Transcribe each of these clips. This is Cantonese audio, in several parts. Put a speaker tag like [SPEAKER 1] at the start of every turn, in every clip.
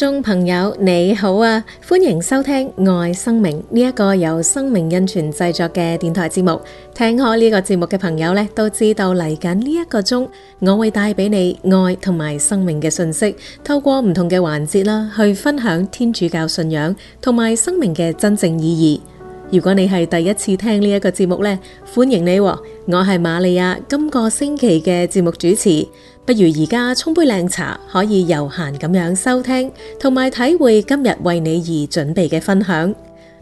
[SPEAKER 1] 眾朋友你好啊，歡迎收聽愛生命呢一個由生命恩泉製作嘅電台節目。聽開呢個節目嘅朋友咧，都知道嚟緊呢一個鐘，我會帶俾你愛同埋生命嘅信息，透過唔同嘅環節啦，去分享天主教信仰同埋生命嘅真正意義。如果你係第一次聽呢一個節目呢，歡迎你喎，我係瑪利亞。今個星期嘅節目主持，不如而家沖杯靚茶，可以悠閒咁樣收聽，同埋體會今日為你而準備嘅分享。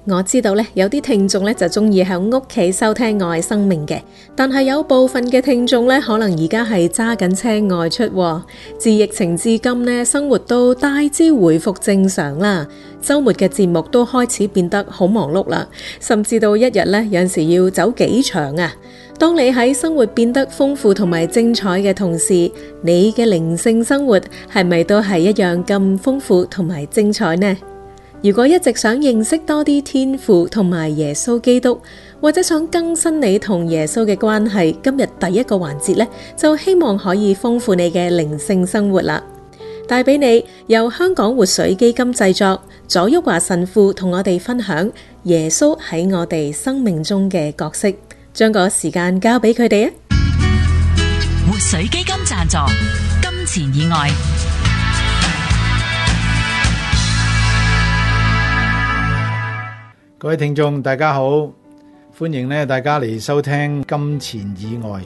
[SPEAKER 1] 我知道呢，有啲聽眾呢就中意喺屋企收聽愛生命嘅，但係有部分嘅聽眾呢，可能而家係揸緊車外出喎。自疫情至今呢，生活都大致回復正常啦。周末嘅節目都開始變得好忙碌啦，甚至到一日呢，有陣時要走幾場啊。當你喺生活變得豐富同埋精彩嘅同時，你嘅靈性生活係咪都係一樣咁豐富同埋精彩呢？如果一直想認識多啲天父同埋耶穌基督，或者想更新你同耶穌嘅關係，今日第一個環節呢，就希望可以豐富你嘅靈性生活啦。帶俾你，由香港活水基金製作，左旭華神父同我哋分享耶穌喺我哋生命中嘅角色。將個時間交俾佢哋啊！活水基金贊助《金錢以外》。
[SPEAKER 2] 各位聽眾大家好，歡迎咧，大家嚟收聽《金錢以外》。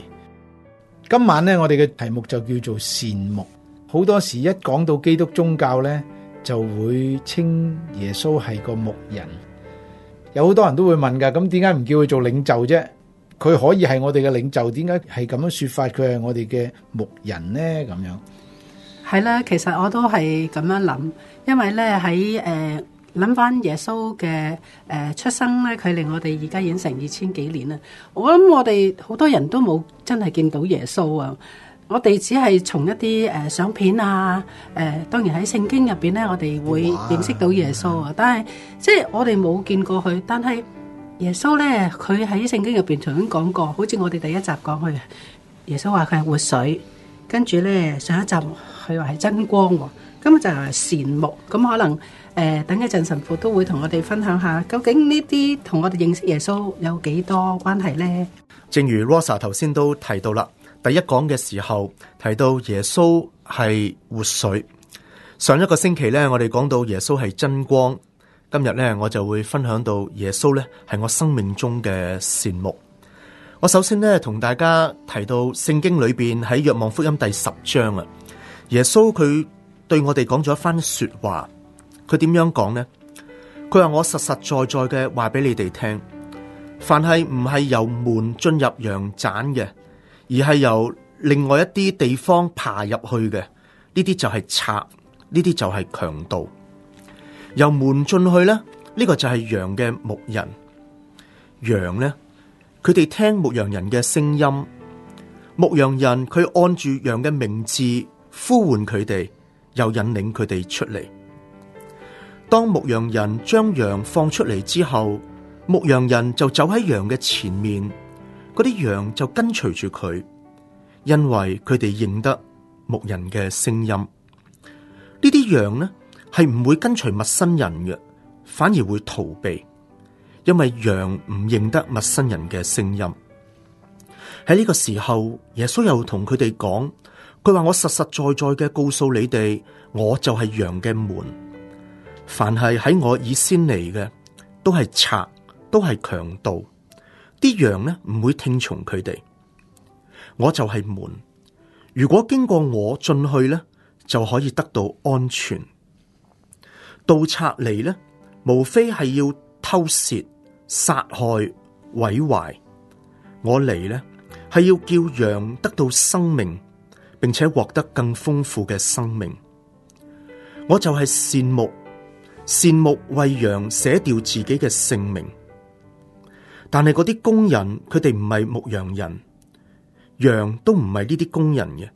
[SPEAKER 2] 今晚咧，我哋嘅題目就叫做羨慕。好多時一講到基督宗教呢，就會稱耶穌係個牧人。有好多人都會問噶，咁點解唔叫佢做領袖啫？佢可以係我哋嘅領袖，點解係咁樣說法？佢係我哋嘅牧人呢？咁樣
[SPEAKER 3] 係啦，其實我都係咁樣諗，因為呢，喺誒諗翻耶穌嘅誒出生呢，佢離我哋而家已經成二千幾年啦。我諗我哋好多人都冇真係見到耶穌啊。我哋只係從一啲誒、呃、相片啊，誒、呃，當然喺聖經入邊咧，我哋會認識到耶穌啊哇。但係即係我哋冇見過佢，但係耶穌咧，佢喺聖經入邊曾經講過，好似我哋第一集講佢耶穌話佢係活水，跟住咧上一集佢話係真光喎，咁就係善牧。咁可能誒、呃、等一陣神父都會同我哋分享下，究竟呢啲同我哋認識耶穌有幾多關係咧？
[SPEAKER 4] 正如 Rosa 頭先都提到啦。第一講嘅時候提到耶穌係活水，上一個星期咧我哋講到耶穌係真光，今日咧我就會分享到耶穌咧係我生命中嘅善牧。我首先咧同大家提到聖經裏邊喺《若望福音》第十章啊，耶穌佢對我哋講咗一番說話，佢點樣講呢？佢話我實實在在嘅話俾你哋聽，凡係唔係由門進入羊棧嘅。而係由另外一啲地方爬入去嘅，呢啲就係賊，呢啲就係強盜。由門進去呢，呢、呢個就係羊嘅牧人。羊呢，佢哋聽牧羊人嘅聲音，牧羊人佢按住羊嘅名字呼喚佢哋，又引領佢哋出嚟。當牧羊人將羊放出嚟之後，牧羊人就走喺羊嘅前面。嗰啲羊就跟隨住佢，因為佢哋認得牧人嘅聲音。呢啲羊呢係唔會跟隨陌生人嘅，反而會逃避，因為羊唔認得陌生人嘅聲音。喺呢個時候，耶穌又同佢哋講，佢話我實實在在嘅告訴你哋，我就係羊嘅門。凡係喺我以先嚟嘅，都係賊，都係強盜。啲羊呢唔會聽從佢哋，我就係門。如果經過我進去呢，就可以得到安全。盜賊嚟，呢無非係要偷竊、殺害、毀壞。我嚟呢，係要叫羊得到生命，並且獲得更豐富嘅生命。我就係善牧，善牧為羊捨掉自己嘅性命。但係嗰啲工人，佢哋唔係牧羊人，羊都唔係呢啲工人嘅。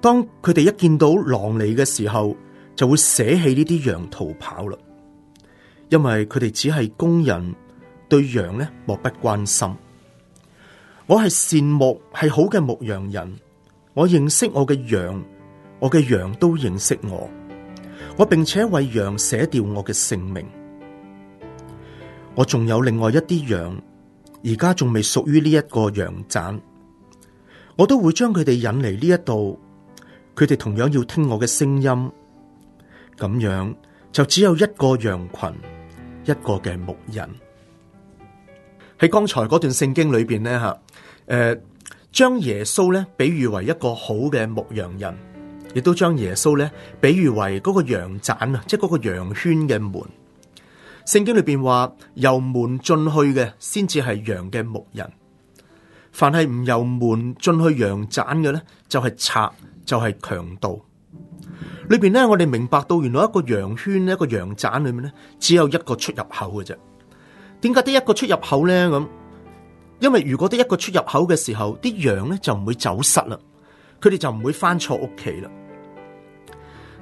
[SPEAKER 4] 當佢哋一見到狼嚟嘅時候，就會捨棄呢啲羊逃跑啦。因為佢哋只係工人，對羊呢漠不關心。我係善牧係好嘅牧羊人，我認識我嘅羊，我嘅羊都認識我，我並且為羊捨掉我嘅性命。我仲有另外一啲羊，而家仲未屬於呢一個羊棧，我都會將佢哋引嚟呢一度，佢哋同樣要聽我嘅聲音。咁樣就只有一個羊群，一個嘅牧人。喺剛才嗰段聖經裏邊咧，吓，誒，將耶穌咧比喻為一個好嘅牧羊人，亦都將耶穌咧比喻為嗰個羊棧啊，即係嗰個羊圈嘅門。聖經裏邊話，由門進去嘅先至係羊嘅牧人，凡係唔由門進去羊棧嘅咧，就係賊，就係強盜。裏邊咧，我哋明白到原來一個羊圈一個羊棧裏面咧，只有一個出入口嘅啫。點解得一個出入口咧？咁因為如果得一個出入口嘅時候，啲羊咧就唔會走失啦，佢哋就唔會翻錯屋企啦。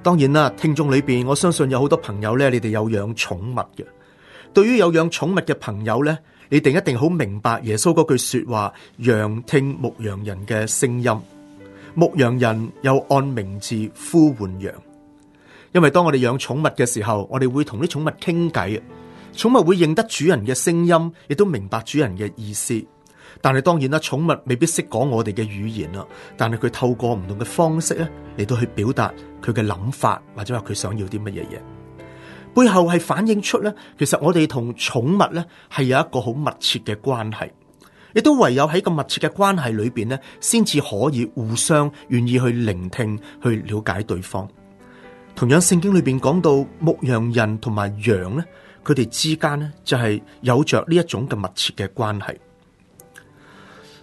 [SPEAKER 4] 當然啦，聽眾裏邊，我相信有好多朋友咧，你哋有養寵物嘅。對於有養寵物嘅朋友咧，你哋一定好明白耶穌嗰句說話：羊聽牧羊人嘅聲音，牧羊人又按名字呼喚羊。因為當我哋養寵物嘅時候，我哋會同啲寵物傾偈，寵物會認得主人嘅聲音，亦都明白主人嘅意思。但係當然啦，寵物未必識講我哋嘅語言啦，但係佢透過唔同嘅方式咧嚟到去表達佢嘅諗法，或者話佢想要啲乜嘢嘢，背後係反映出咧，其實我哋同寵物咧係有一個好密切嘅關係，亦都唯有喺個密切嘅關係裏邊咧，先至可以互相願意去聆聽，去了解對方。同樣聖經裏邊講到牧羊人同埋羊咧，佢哋之間咧就係有着呢一種咁密切嘅關係。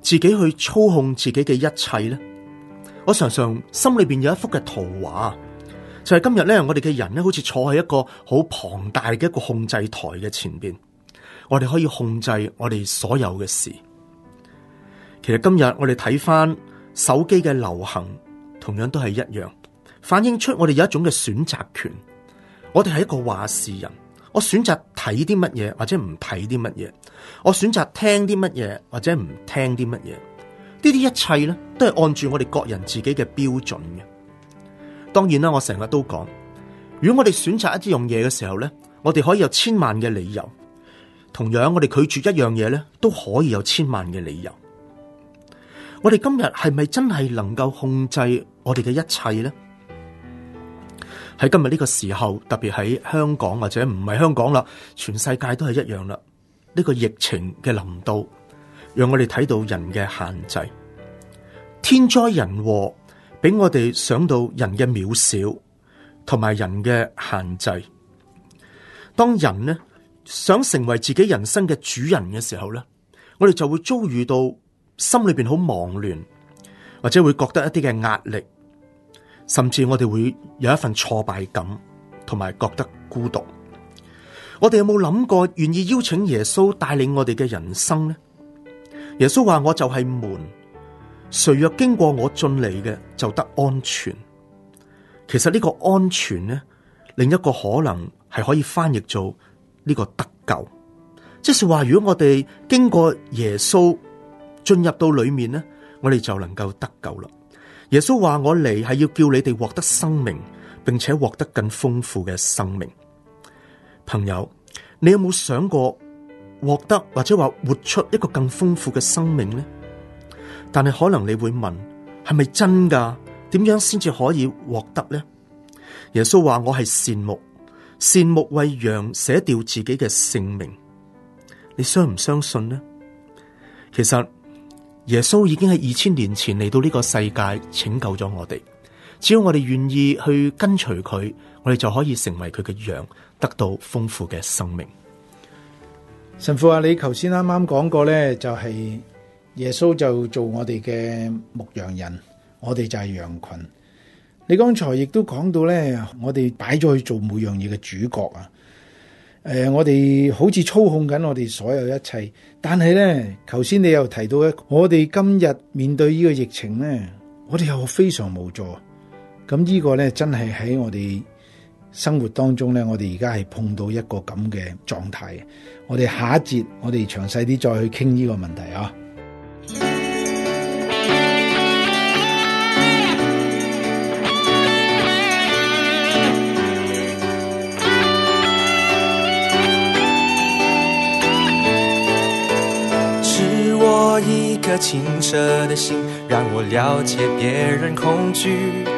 [SPEAKER 4] 自己去操控自己嘅一切咧，我常常心裏邊有一幅嘅圖畫，就係今日咧，我哋嘅人咧，好似坐喺一個好龐大嘅一個控制台嘅前邊，我哋可以控制我哋所有嘅事。其實今日我哋睇翻手機嘅流行，同樣都係一樣，反映出我哋有一種嘅選擇權。我哋係一個話事人，我選擇睇啲乜嘢或者唔睇啲乜嘢。我選擇聽啲乜嘢或者唔聽啲乜嘢，呢啲一切咧都係按住我哋各人自己嘅標準嘅。當然啦，我成日都講，如果我哋選擇一樣嘢嘅時候咧，我哋可以有千萬嘅理由；同樣，我哋拒絕一樣嘢咧，都可以有千萬嘅理由。我哋今日係咪真係能夠控制我哋嘅一切咧？喺今日呢個時候，特別喺香港或者唔係香港啦，全世界都係一樣啦。呢個疫情嘅臨到，讓我哋睇到人嘅限制；天災人禍，俾我哋想到人嘅渺小同埋人嘅限制。當人呢想成為自己人生嘅主人嘅時候咧，我哋就會遭遇到心裏邊好忙亂，或者會覺得一啲嘅壓力，甚至我哋會有一份挫敗感，同埋覺得孤獨。我哋有冇諗過願意邀請耶穌帶領我哋嘅人生呢？耶穌話：我就係門，誰若經過我進嚟嘅，就得安全。其實呢個安全呢，另一個可能係可以翻譯做呢個得救，即是話如果我哋經過耶穌進入到裏面呢，我哋就能夠得救啦。耶穌話：我嚟係要叫你哋獲得生命，並且獲得更豐富嘅生命。朋友，你有冇想過獲得或者話活出一個更豐富嘅生命呢？但係可能你會問，係咪真噶？點樣先至可以獲得呢？耶穌話：我係善牧，善牧為羊捨掉自己嘅性命。你相唔相信呢？其實耶穌已經喺二千年前嚟到呢個世界，拯救咗我哋。只要我哋願意去跟隨佢，我哋就可以成為佢嘅羊，得到豐富嘅
[SPEAKER 2] 生命。神父啊，你頭先啱啱講過呢，就係耶穌就做我哋嘅牧羊人，我哋就係羊群。你剛才亦都講到呢，我哋擺咗去做每樣嘢嘅主角啊。誒，我哋好似操控緊我哋所有一切，但係呢，頭先你又提到一個，我哋今日面對呢個疫情呢，我哋又非常無助。咁呢個咧，真係喺我哋生活當中咧，我哋而家係碰到一個咁嘅狀態。我哋下一節，我哋詳細啲再去傾呢個問題啊！
[SPEAKER 5] 是我一顆清澈的心，讓我了解別人恐懼。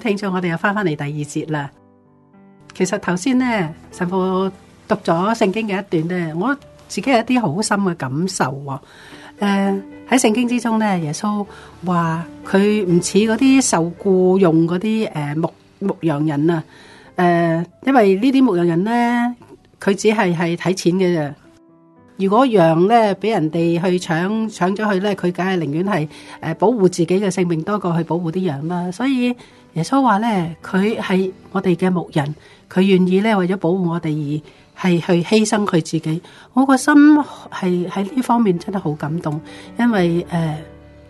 [SPEAKER 3] 聽眾，我哋又翻翻嚟第二節啦。其實頭先咧，神父讀咗聖經嘅一段咧，我自己有一啲好深嘅感受，啊。誒、呃，喺聖經之中咧，耶穌話佢唔似嗰啲受僱用嗰啲誒牧牧羊人啊。誒、呃，因為呢啲牧羊人咧，佢只係係睇錢嘅啫。如果羊咧俾人哋去搶搶咗去咧，佢梗係寧願係誒保護自己嘅性命，多過去保護啲羊啦。所以。耶穌話咧，佢係我哋嘅牧人，佢願意咧為咗保護我哋而係去犧牲佢自己。我個心係喺呢方面真係好感動，因為誒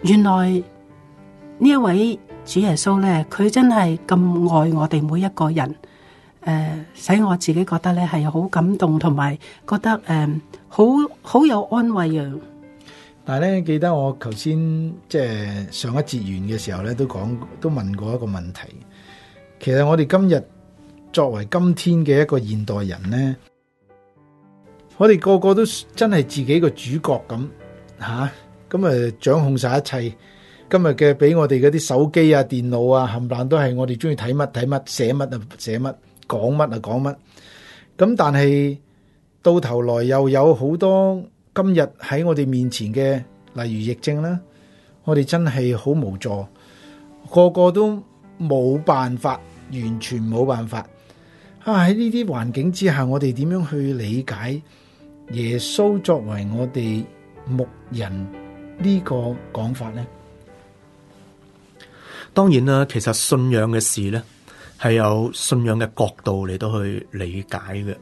[SPEAKER 3] 原來呢一位主耶穌咧，佢真係咁愛我哋每一個人，誒使我自己覺得咧係好感動，同埋覺得誒好好有安慰啊！
[SPEAKER 2] 但係咧，記得我頭先即係上一節完嘅時候咧，都講，都問過一個問題。其實我哋今日作為今天嘅一個現代人咧，我哋個個都真係自己個主角咁吓，咁啊掌控晒一切。今日嘅俾我哋嗰啲手機啊、電腦啊，冚唪唥都係我哋中意睇乜睇乜，寫乜啊寫乜、啊，講乜啊講乜。咁但係到頭來又有好多。今日喺我哋面前嘅，例如疫症啦，我哋真係好無助，個個都冇辦法，完全冇辦法。啊，喺呢啲環境之下，我哋點樣去理解耶穌作為我哋牧人呢個講法咧？
[SPEAKER 4] 當然啦，其實信仰嘅事咧，係有信仰嘅角度嚟到去理解嘅。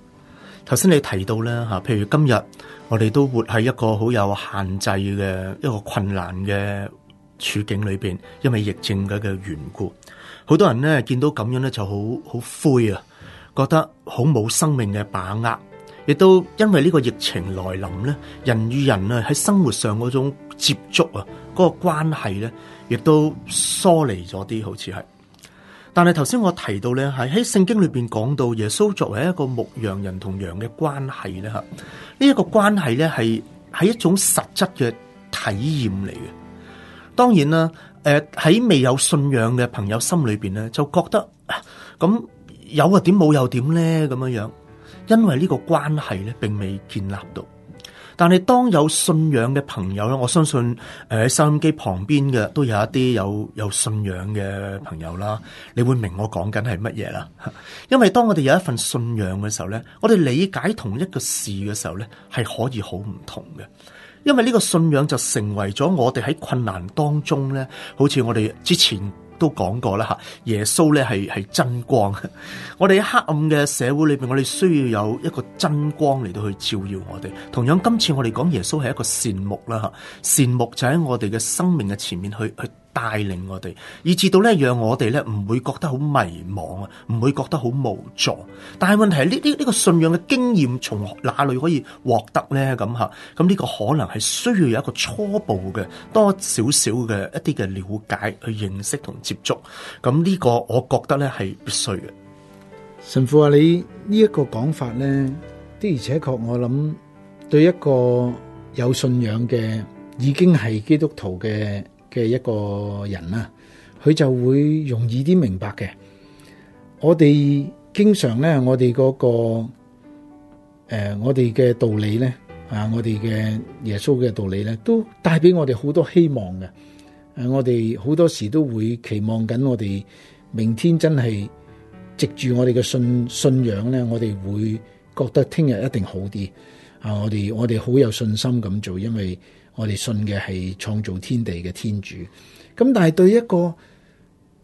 [SPEAKER 4] 頭先你提到咧，吓，譬如今日。我哋都活喺一個好有限制嘅一個困難嘅處境裏邊，因為疫症嘅嘅緣故，好多人咧見到咁樣咧就好好灰啊，覺得好冇生命嘅把握，亦都因為呢個疫情來臨咧，人與人啊喺生活上嗰種接觸啊，嗰個關係咧，亦都疏離咗啲，好似係。但係頭先我提到咧，係喺聖經裏邊講到耶穌作為一個牧羊人同羊嘅關係咧，吓呢一個關係咧係喺一種實質嘅體驗嚟嘅。當然啦，誒、呃、喺未有信仰嘅朋友心裏邊咧，就覺得咁有又點，冇又點咧咁樣呢樣，因為呢個關係咧並未建立到。但係當有信仰嘅朋友咧，我相信誒喺、呃、收音機旁邊嘅都有一啲有有信仰嘅朋友啦，你會明我講緊係乜嘢啦？因為當我哋有一份信仰嘅時候咧，我哋理解同一個事嘅時候咧，係可以好唔同嘅。因為呢個信仰就成為咗我哋喺困難當中咧，好似我哋之前。都講過啦嚇，耶穌咧係係真光。 我哋喺黑暗嘅社會裏邊，我哋需要有一個真光嚟到去照耀我哋。同樣今次我哋講耶穌係一個善目啦嚇，善目就喺我哋嘅生命嘅前面去去。帶領我哋，以至到咧讓我哋咧唔會覺得好迷茫啊，唔會覺得好無助。但係問題係呢呢呢個信仰嘅經驗從哪裏可以獲得咧？咁吓，咁呢個可能係需要有一個初步嘅多少少嘅一啲嘅了解去認識同接觸。咁呢個我覺得咧
[SPEAKER 2] 係必須嘅。神父話，你呢一個講法咧的而且確，我諗對一個有信仰嘅已經係基督徒嘅。嘅一個人啦，佢就會容易啲明白嘅。我哋經常咧，我哋嗰、那個誒、呃，我哋嘅道理咧啊，我哋嘅耶穌嘅道理咧，都帶俾我哋好多希望嘅。誒、啊，我哋好多時都會期望緊，我哋明天真係藉住我哋嘅信信仰咧，我哋會覺得聽日一定好啲。啊，我哋我哋好有信心咁做，因為。我哋信嘅係創造天地嘅天主，咁但係對一個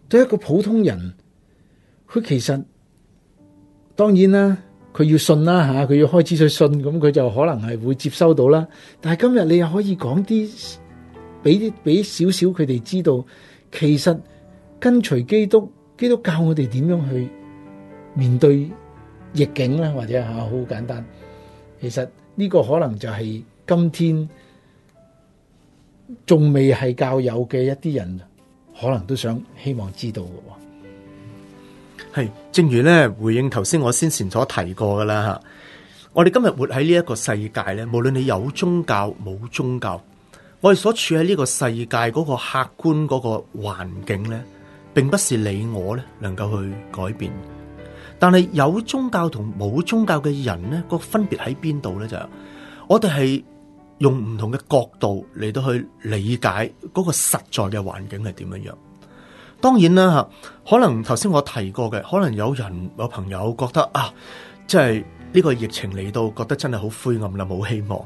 [SPEAKER 2] 對一個普通人，佢其實當然啦，佢要信啦吓，佢要開始去信，咁佢就可能係會接收到啦。但係今日你又可以講啲俾啲俾少少佢哋知道，其實跟隨基督，基督教我哋點樣去面對逆境咧，或者吓好簡單。其實呢個可能就係今天。仲未係教友嘅一啲人，可能都想希望知道嘅。
[SPEAKER 4] 係正如咧回應頭先我先前所提過噶啦吓，我哋今日活喺呢一個世界咧，無論你有宗教冇宗教，我哋所處喺呢個世界嗰個客觀嗰個環境咧，並不是你我咧能夠去改變。但係有宗教同冇宗教嘅人咧，個分別喺邊度咧就，我哋係。用唔同嘅角度嚟到去理解嗰個實在嘅環境係點樣樣。當然啦，吓可能頭先我提過嘅，可能有人有朋友覺得啊，即係呢個疫情嚟到，覺得真係好灰暗啦，冇希望。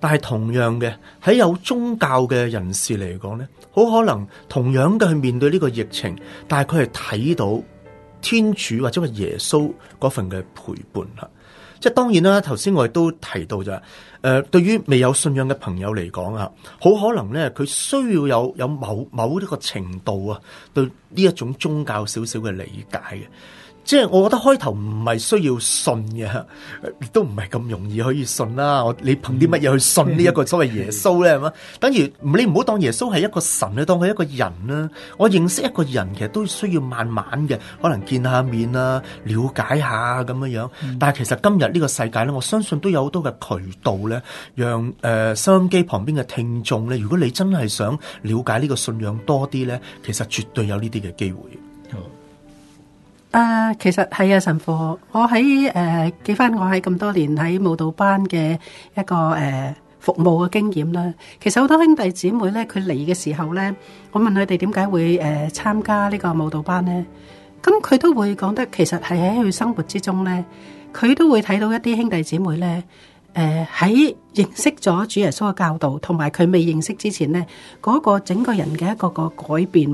[SPEAKER 4] 但係同樣嘅喺有宗教嘅人士嚟講咧，好可能同樣嘅去面對呢個疫情，但係佢係睇到天主或者係耶穌嗰份嘅陪伴啦。即係當然啦，頭先我哋都提到就係，誒、呃、對於未有信仰嘅朋友嚟講啊，好可能咧佢需要有有某某一個程度啊，對呢一種宗教少少嘅理解嘅。即係我覺得開頭唔係需要信嘅，亦都唔係咁容易可以信啦。我你憑啲乜嘢去信呢一個所謂耶穌咧？係嘛？等於你唔好當耶穌係一個神，你當佢一個人啦。我認識一個人其實都需要慢慢嘅，可能見下面啦、啊，了解下咁樣樣。但係其實今日呢個世界咧，我相信都有好多嘅渠道咧，讓誒、呃、收音機旁邊嘅聽眾咧，如果你真係想了解呢個信仰多啲咧，其實絕對有呢啲嘅機會。
[SPEAKER 3] 啊，uh, 其實係啊，神父，我喺誒、呃、記翻我喺咁多年喺舞蹈班嘅一個誒、呃、服務嘅經驗啦。其實好多兄弟姊妹咧，佢嚟嘅時候咧，我問佢哋點解會誒、呃、參加呢個舞蹈班咧，咁佢都會講得其實係喺佢生活之中咧，佢都會睇到一啲兄弟姊妹咧。誒，喺認識咗主耶穌嘅教導，同埋佢未認識之前咧，嗰個整個人嘅一個個改變，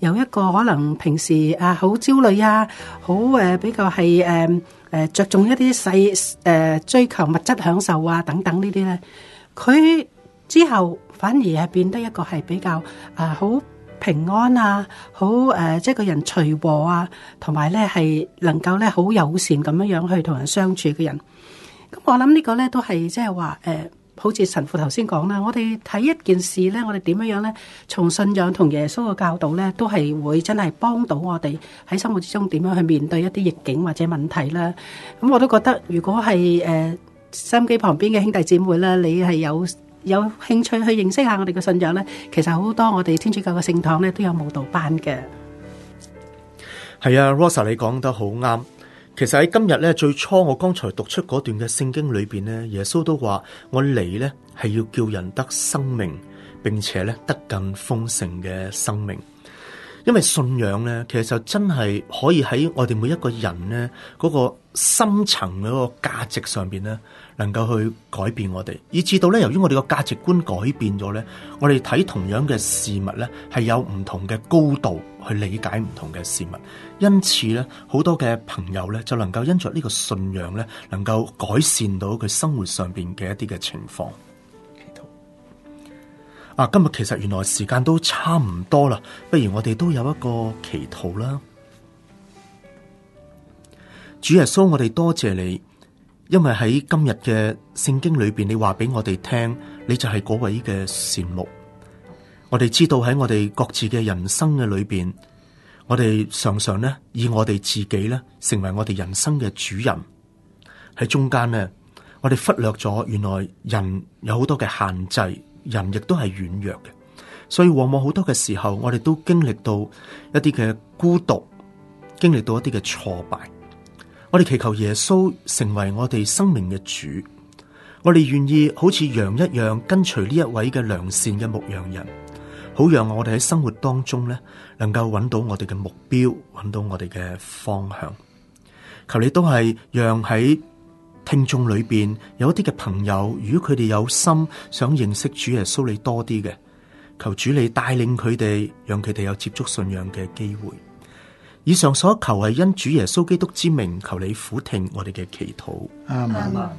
[SPEAKER 3] 有一個可能平時啊好焦慮啊，好誒比較係誒誒着重一啲細誒追求物質享受啊等等呢啲咧，佢之後反而係變得一個係比較啊好平安啊，好誒即係個人隨和啊，同埋咧係能夠咧好友善咁樣樣去同人相處嘅人。咁我諗呢個咧都係即係話誒，好似神父頭先講啦，我哋睇一件事咧，我哋點樣樣咧，從信仰同耶穌嘅教導咧，都係會真係幫到我哋喺生活之中點樣去面對一啲逆境或者問題啦。咁我都覺得，如果係誒收音機旁邊嘅兄弟姊妹啦，你係有有興趣去認識下我哋嘅信仰咧，其實好多我哋天主教嘅聖堂咧都有舞蹈班嘅。
[SPEAKER 4] 係啊，Rosa，你講得好啱。其實喺今日咧，最初我剛才讀出嗰段嘅聖經裏邊咧，耶穌都話：我嚟咧係要叫人得生命，並且咧得更豐盛嘅生命。因為信仰咧，其實就真係可以喺我哋每一個人咧嗰個深層嗰個價值上邊咧，能夠去改變我哋，以至到咧，由於我哋個價值觀改變咗咧，我哋睇同樣嘅事物咧，係有唔同嘅高度去理解唔同嘅事物。因此咧，好多嘅朋友咧，就能夠因着呢個信仰咧，能夠改善到佢生活上邊嘅一啲嘅情況。啊，今日其實原來時間都差唔多啦，不如我哋都有一個祈禱啦。主耶穌，我哋多謝你，因為喺今日嘅聖經裏邊，你話俾我哋聽，你就係嗰位嘅羨慕。我哋知道喺我哋各自嘅人生嘅裏邊，我哋常常咧以我哋自己咧成為我哋人生嘅主人，喺中間呢，我哋忽略咗原來人有好多嘅限制。人亦都係軟弱嘅，所以往往好多嘅時候，我哋都經歷到一啲嘅孤獨，經歷到一啲嘅挫敗。我哋祈求耶穌成為我哋生命嘅主，我哋願意好似羊一樣跟隨呢一位嘅良善嘅牧羊人，好讓我哋喺生活當中咧，能夠揾到我哋嘅目標，揾到我哋嘅方向。求你都係讓喺。聽眾裏邊有一啲嘅朋友，如果佢哋有心想認識主耶穌你多啲嘅，求主你帶領佢哋，讓佢哋有接觸信仰嘅機會。以上所求係因主耶穌基督之名，求你俯聽我哋嘅祈禱。
[SPEAKER 5] 阿們。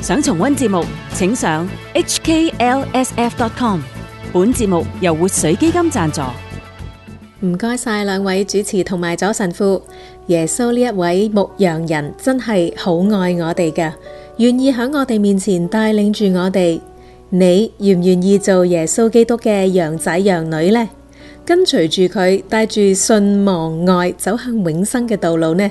[SPEAKER 1] 想重温節目，請上 hklsf.com。本節目由活水基金贊助。唔該晒兩位主持同埋左神父。耶穌呢一位牧羊人真係好愛我哋㗎，願意響我哋面前帶領住我哋。你願唔願意做耶穌基督嘅羊仔羊女呢？跟隨住佢，帶住信望愛，走向永生嘅道路呢？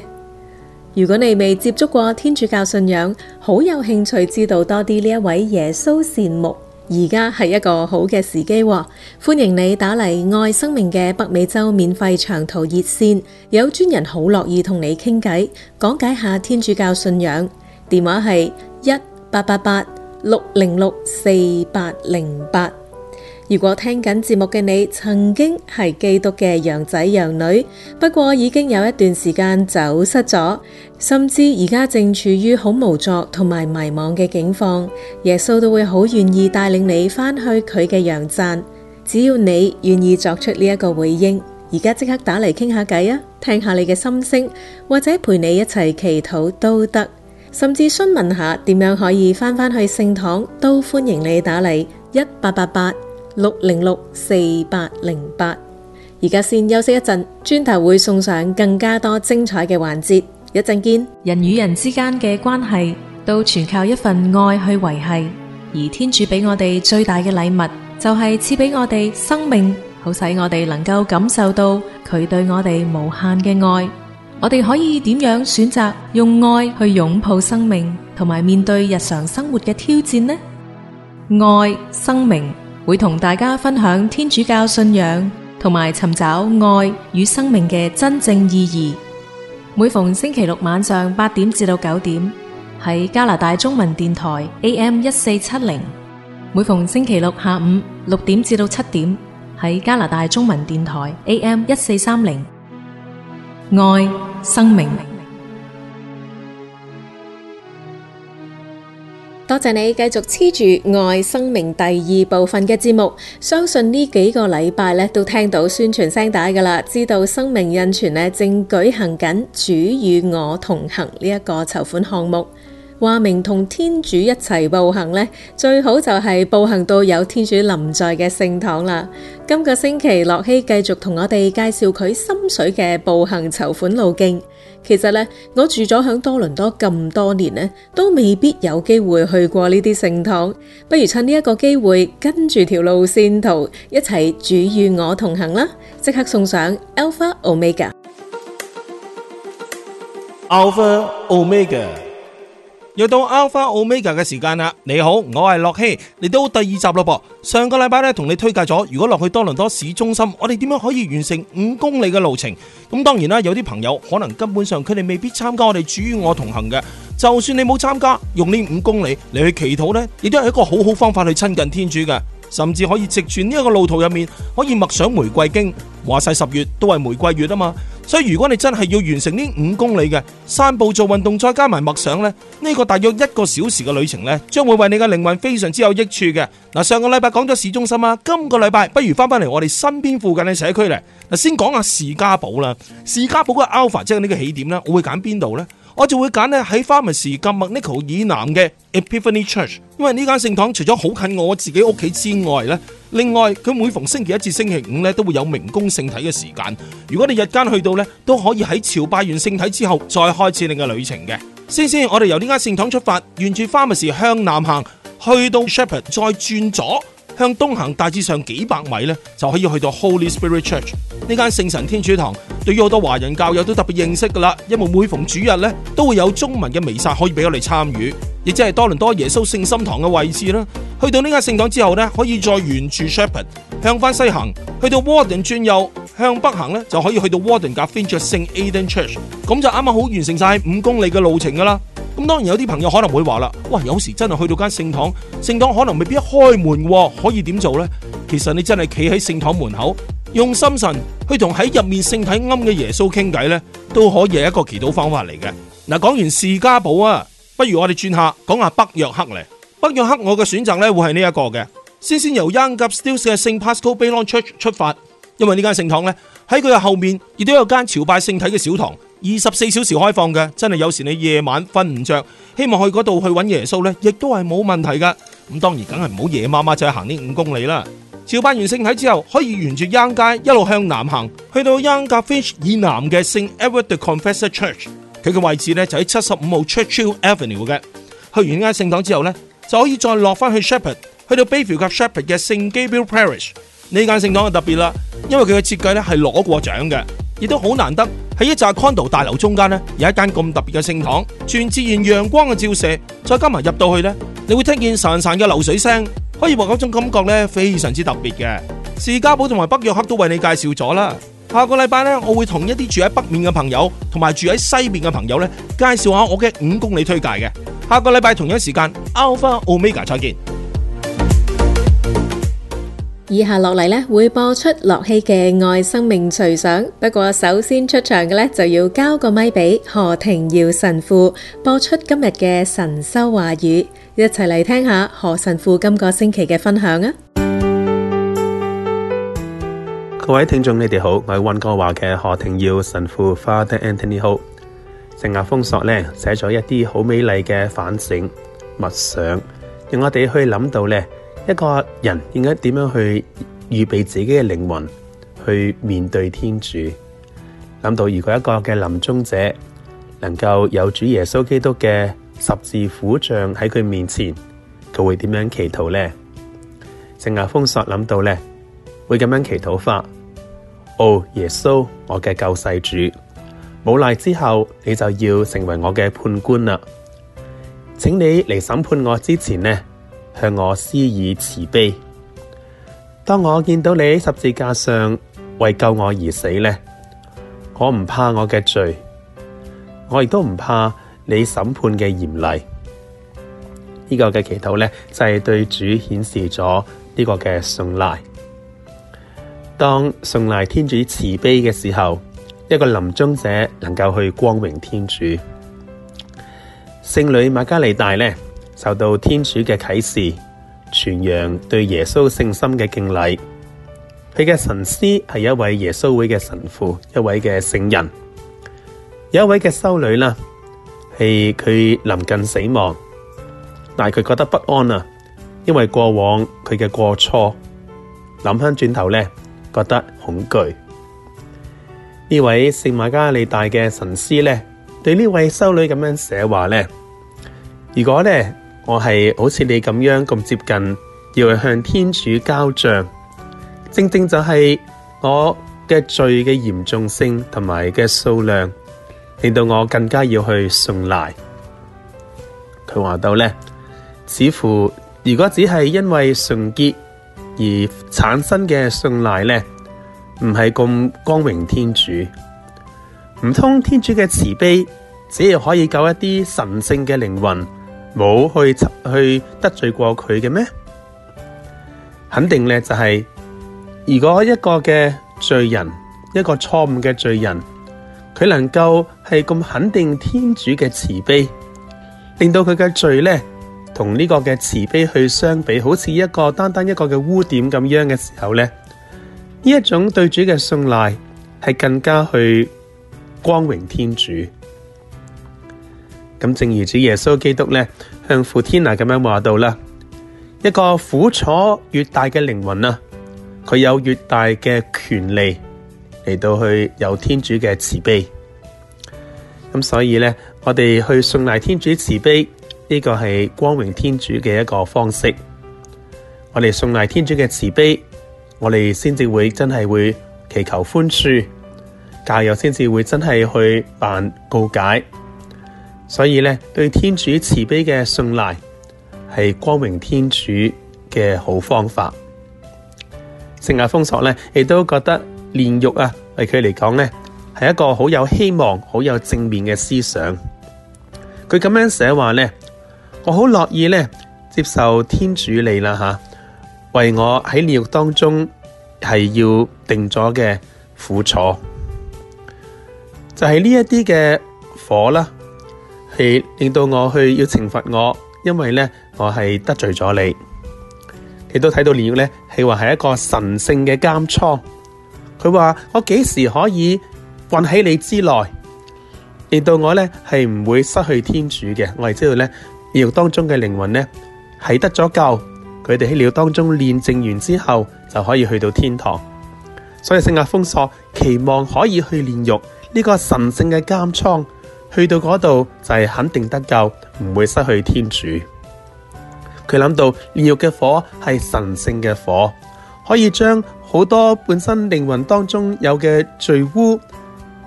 [SPEAKER 1] 如果你未接觸過天主教信仰，好有興趣知道多啲呢一位耶穌善牧，而家係一個好嘅時機，哦，歡迎你打嚟愛生命嘅北美洲免費長途熱線，有專人好樂意同你傾偈，講解下天主教信仰。電話係一八八八六零六四八零八。如果聽緊節目嘅你曾經係基督嘅羊仔羊女，不過已經有一段時間走失咗，甚至而家正處於好無助同埋迷惘嘅境況，耶穌都會好願意帶領你翻去佢嘅羊棧，只要你願意作出呢一個回應，而家即刻打嚟傾下偈啊，聽下你嘅心聲，或者陪你一齊祈禱都得，甚至詢問下點樣可以翻返去聖堂，都歡迎你打嚟一八八八。六零六四八零八，而家先休息一陣，轉頭會送上更加多精彩嘅環節，一陣見。人與人之間嘅關係，都全靠一份愛去維繫，而天主俾我哋最大嘅禮物，就係賜俾我哋生命，好使我哋能夠感受到佢對我哋無限嘅愛。我哋可以點樣選擇用愛去擁抱生命，同埋面對日常生活嘅挑戰呢？愛生命。會同大家分享天主教信仰同埋尋找愛與生命嘅真正意義。每逢星期六晚上八點至到九點，喺加拿大中文電台 AM 一四七零；每逢星期六下午六點至到七點，喺加拿大中文電台 AM 一四三零。愛生命明。多謝你繼續黐住愛生命第二部分嘅節目，相信呢幾個禮拜咧都聽到宣傳聲帶噶啦，知道生命印傳咧正舉行緊主與我同行呢一個籌款項目，話明同天主一齊步行咧最好就係步行到有天主臨在嘅聖堂啦。今個星期樂希繼續同我哋介紹佢心水嘅步行籌款路徑。其實呢，我住咗響多倫多咁多年咧，都未必有機會去過呢啲聖堂，不如趁呢一個機會，跟住條路線圖一齊主與我同行啦！即刻送上 Alpha Omega，Alpha
[SPEAKER 6] Omega。Alpha Omega. 又到 Alpha Omega 嘅時間啦！你好，我係洛希，嚟到第二集咯噃。上個禮拜咧，同你推介咗，如果落去多倫多市中心，我哋點樣可以完成五公里嘅路程？咁當然啦，有啲朋友可能根本上佢哋未必參加我哋主與我同行嘅。就算你冇參加，用呢五公里嚟去祈禱咧，亦都係一個好好方法去親近天主嘅。甚至可以直轉呢一個路途入面，可以默想玫瑰經。話晒十月都係玫瑰月啊嘛，所以如果你真係要完成呢五公里嘅散步做運動，再加埋默想呢，呢、這個大約一個小時嘅旅程呢，將會為你嘅靈魂非常之有益處嘅嗱。上個禮拜講咗市中心啊，今個禮拜不如翻翻嚟我哋身邊附近嘅社區嚟嗱，先講下士家堡啦。士家堡個 Alpha 即係呢個起點啦，我會揀邊度呢？我就會揀咧喺 Farmers 近 Metcalf 以南嘅 Epiphany Church，因為呢間聖堂除咗好近我自己屋企之外咧，另外佢每逢星期一至星期五咧都會有明供聖體嘅時間。如果你日間去到咧，都可以喺朝拜完聖體之後再開始你嘅旅程嘅。先先，我哋由呢間聖堂出發，沿住 Farmers 向南行，去到 Shepherd 再轉左。向東行大致上幾百米咧，就可以去到 Holy Spirit Church 呢間聖神天主堂，對於好多華人教友都特別認識噶啦，因為每逢主日咧，都會有中文嘅彌撒可以俾我哋參與，亦即係多倫多耶穌聖心堂嘅位置啦。去到呢間聖堂之後咧，可以再沿住 Sheppard 向翻西行，去到 Warden 轉右向北行咧，就可以去到 Warden 夾 Finch 嘅聖 Aiden Church，咁就啱啱好完成晒五公里嘅路程噶啦。咁當然有啲朋友可能會話啦，哇，有時真係去到間聖堂，聖堂可能未必開門，可以點做呢？其實你真係企喺聖堂門口，用心神去同喺入面聖體龕嘅耶穌傾偈呢，都可以係一個祈禱方法嚟嘅。嗱、啊，講完士嘉堡啊，不如我哋轉下講下北約克嚟。北約克我嘅選擇咧會係呢一個嘅，先先由 Yonge & Steeles 嘅聖 Pascal Baylon Church 出發，因為呢間聖堂呢，喺佢嘅後面亦都有間朝拜聖體嘅小堂。二十四小時開放嘅，真係有時你夜晚瞓唔着，希望去嗰度去揾耶穌呢，亦都係冇問題噶。咁當然梗係唔好夜麻麻就去行呢五公里啦。朝拜完聖體之後，可以沿住 Young 街一路向南行，去到 Young Finch 以南嘅 St. Edward the Confessor Church，佢嘅位置呢，就喺七十五號 Churchill Avenue 嘅。去完呢間聖堂之後呢，就可以再落翻去 Shepherd，去到 Bayview Shepherd 嘅聖基比爾 Parish。呢間聖堂就特別啦，因為佢嘅設計呢，係攞過獎嘅，亦都好難得。喺一紮 condo 大樓中間呢，有一間咁特別嘅聖堂，全自然陽光嘅照射，再加埋入到去呢，你會聽見潺潺嘅流水聲，可以話嗰種感覺呢，非常之特別嘅。士嘉堡同埋北約克都為你介紹咗啦。下個禮拜呢，我會同一啲住喺北面嘅朋友同埋住喺西面嘅朋友呢，介紹下我嘅五公里推介嘅。下個禮拜同一時間，Alpha Omega，再見。
[SPEAKER 1] 以下落嚟咧會播出樂器嘅愛生命隨想，不過首先出場嘅咧就要交個咪俾何庭耀神父播出今日嘅神修話語，一齊嚟聽下何神父今個星期嘅分享啊！各
[SPEAKER 7] 位聽眾你哋好，我係溫哥華嘅何庭耀神父 Father Anthony Ho。聖亞豐索咧寫咗一啲好美麗嘅反省、默想，令我哋去諗到咧。一個人應該點樣去預備自己嘅靈魂去面對天主？諗到如果一個嘅臨終者能夠有主耶穌基督嘅十字苦像喺佢面前，佢會點樣祈禱呢？聖亞封索諗到呢：「會咁樣祈禱法：「哦，耶穌，我嘅救世主，冇奈之後，你就要成為我嘅判官啦，請你嚟審判我之前呢。向我施以慈悲。當我見到你十字架上為救我而死呢，我唔怕我嘅罪，我亦都唔怕你審判嘅嚴厲。呢、這個嘅祈禱咧，就係、是、對主顯示咗呢個嘅信賴。當信賴天主慈悲嘅時候，一個臨終者能夠去光榮天主。聖女瑪嘉利大呢。受到天主嘅啟示，傳揚對耶穌聖心嘅敬禮。佢嘅神師係一位耶穌會嘅神父，一位嘅聖人。有一位嘅修女啦，係佢臨近死亡，但係佢覺得不安啊，因為過往佢嘅過錯。諗翻轉頭咧，覺得恐懼。呢位聖瑪加利大嘅神師咧，對呢位修女咁樣寫話咧，如果咧。我係好似你咁樣咁接近，要去向天主交賬。正正就係我嘅罪嘅嚴重性同埋嘅數量，令到我更加要去信賴。佢話到呢，似乎如果只係因為純潔而產生嘅信賴呢，唔係咁光榮天主。唔通天主嘅慈悲只係可以救一啲神聖嘅靈魂？冇去去得罪過佢嘅咩？肯定咧就係，如果一個嘅罪人，一個錯誤嘅罪人，佢能夠係咁肯定天主嘅慈悲，令到佢嘅罪咧同呢個嘅慈悲去相比，好似一個單單一個嘅污點咁樣嘅時候咧，呢一種對主嘅信賴係更加去光榮天主。咁正如主耶穌基督呢，向傅天娜咁樣話到啦，一個苦楚越大嘅靈魂啊，佢有越大嘅權利嚟到去有天主嘅慈悲。咁、嗯、所以呢，我哋去信賴天主慈悲，呢、這個係光榮天主嘅一個方式。我哋信賴天主嘅慈悲，我哋先至會真係會祈求寬恕，教友先至會真係去辦告解。所以呢，對天主慈悲嘅信賴係光榮天主嘅好方法。聖亞豐索呢，亦都覺得煉獄啊，對佢嚟講呢，係一個好有希望、好有正面嘅思想。佢咁樣寫話呢：「我好樂意呢，接受天主你啦，吓、啊、為我喺煉獄當中係要定咗嘅苦楚，就係呢一啲嘅火啦。係令到我去要懲罰我，因為呢，我係得罪咗你。你都睇到煉獄呢，係話係一個神聖嘅監倉。佢話我幾時可以混喺你之內，令到我呢係唔會失去天主嘅。我係知道呢，煉獄當中嘅靈魂呢，係得咗救，佢哋喺煉獄當中煉淨完之後就可以去到天堂。所以聖亞封鎖期望可以去煉獄呢個神聖嘅監倉。去到嗰度就係肯定得救，唔會失去天主。佢諗到煉獄嘅火係神聖嘅火，可以將好多本身靈魂當中有嘅罪污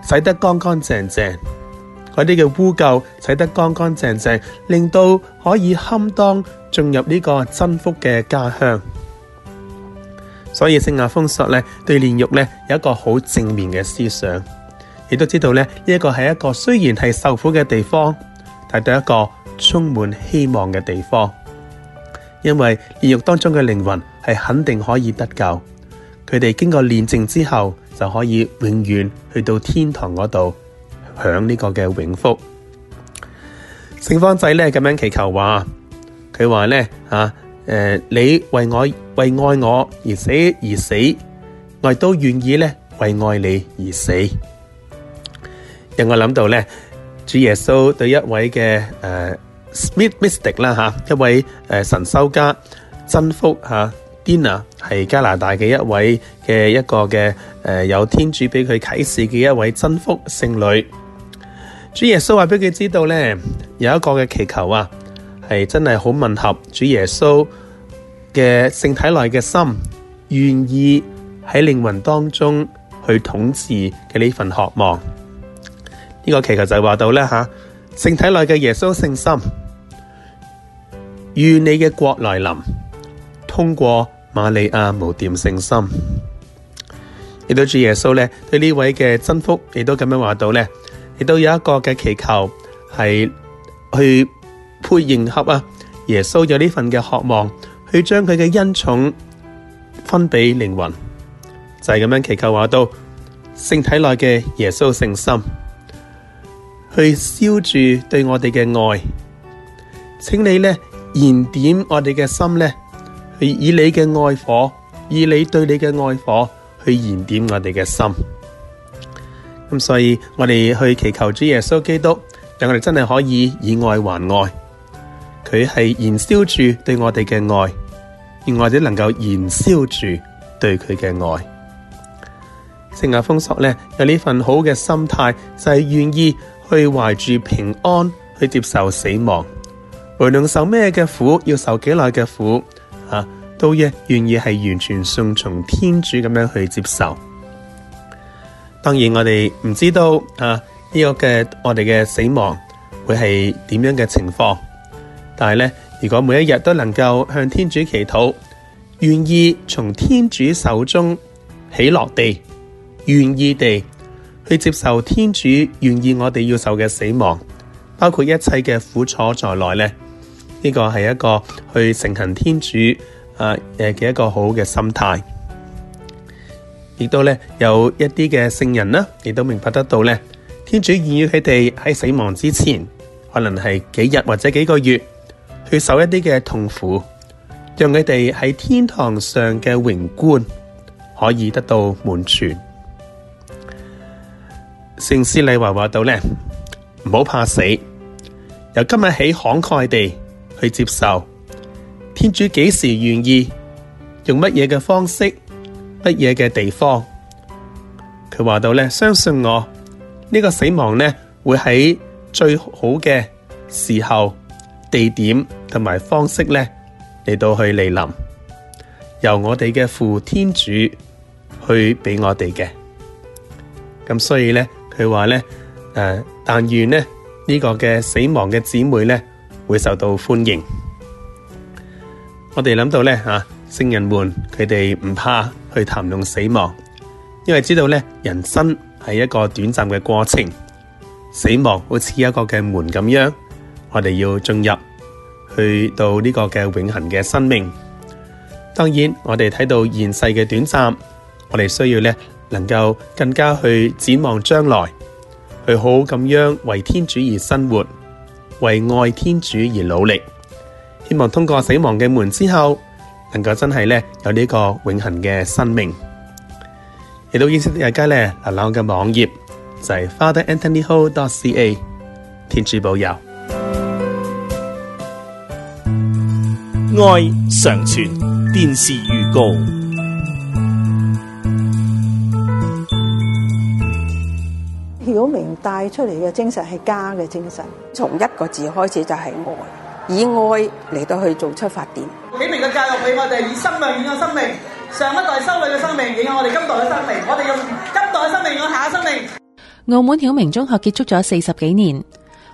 [SPEAKER 7] 洗得乾乾淨淨，嗰啲嘅污垢洗得乾乾淨淨，令到可以堪當進入呢個真福嘅家鄉。所以聖亞封索咧，對煉獄咧有一個好正面嘅思想。你都知道咧，呢、這、一個係一個雖然係受苦嘅地方，但係一個充滿希望嘅地方，因為煉獄當中嘅靈魂係肯定可以得救。佢哋經過煉淨之後，就可以永遠去到天堂嗰度享呢個嘅永福。聖方濟咧咁樣祈求話，佢話咧啊，誒、呃，你為我為愛我而死而死，我都願意咧為愛你而死。令我諗到咧，主耶穌對一位嘅誒、呃、Smith Mystic 啦，啊、吓，一位誒、呃、神修家真福吓、啊、Dina 係加拿大嘅一位嘅一個嘅誒、呃、有天主俾佢啟示嘅一位真福聖女。主耶穌話俾佢知道咧，有一個嘅祈求啊，係真係好吻合主耶穌嘅聖體內嘅心，願意喺靈魂當中去統治嘅呢份渴望。呢個祈求就係話到咧，吓、啊、聖體內嘅耶穌聖心，願你嘅國來臨。通過瑪利亞無玷聖心，亦都主耶穌咧，對呢位嘅真福，亦都咁樣話到咧。亦都有一個嘅祈求係去配迎合啊，耶穌有呢份嘅渴望去將佢嘅恩寵分俾靈魂，就係、是、咁樣祈求話到聖體內嘅耶穌聖心。去燒住對我哋嘅愛，請你咧燃點我哋嘅心咧，去以你嘅愛火，以你對你嘅愛火去燃點我哋嘅心。咁所以，我哋去祈求主耶穌基督，等我哋真係可以以愛還愛。佢係燃燒住對我哋嘅愛，而或者能夠燃燒住對佢嘅愛。聖亞風索咧，有呢份好嘅心態，就係願意。去懷住平安去接受死亡，無論受咩嘅苦，要受幾耐嘅苦，吓都亦願意係完全順從天主咁樣去接受。當然我哋唔知道啊呢個嘅我哋嘅死亡會係點樣嘅情況，但係咧，如果每一日都能夠向天主祈禱，願意從天主手中起落地，願意地。去接受天主願意我哋要受嘅死亡，包括一切嘅苦楚在內咧，呢、這個係一個去承行天主啊誒嘅一個好嘅心態，亦都咧有一啲嘅聖人啦，亦都明白得到咧，天主願意佢哋喺死亡之前，可能係幾日或者幾個月去受一啲嘅痛苦，讓佢哋喺天堂上嘅榮冠可以得到滿全。聖師利華話到呢，唔好怕死，由今日起慷慨地去接受天主幾時願意用乜嘢嘅方式，乜嘢嘅地方，佢話到呢，相信我呢，呢個死亡呢，會喺最好嘅時候、地點同埋方式呢，嚟到去來臨，由我哋嘅父天主去畀我哋嘅。咁所以呢。佢話咧，誒，但願咧呢個嘅死亡嘅姊妹咧會受到歡迎。我哋諗到咧啊，聖人們佢哋唔怕去談論死亡，因為知道咧人生係一個短暫嘅過程，死亡好似一個嘅門咁樣，我哋要進入去到呢個嘅永恒嘅生命。當然，我哋睇到現世嘅短暫，我哋需要咧。能夠更加去展望將來，去好好咁樣為天主而生活，為愛天主而努力。希望通過死亡嘅門之後，能夠真係咧有呢個永恆嘅生命。亦都認識大家咧，阿朗嘅網頁就係、是、Father Anthony Ho dot C A，天主保佑。愛
[SPEAKER 6] 常傳電視預告。
[SPEAKER 3] 曉明帶出嚟嘅精神係家嘅精神，從一個字開始就係愛，以愛嚟到去做出發點。曉明
[SPEAKER 7] 嘅教育俾我哋以生命影響生命，上一代修女嘅生命影響我哋今代嘅生命，我哋用今代生命影
[SPEAKER 3] 響下個生命。澳門曉明中學結束咗四十幾年，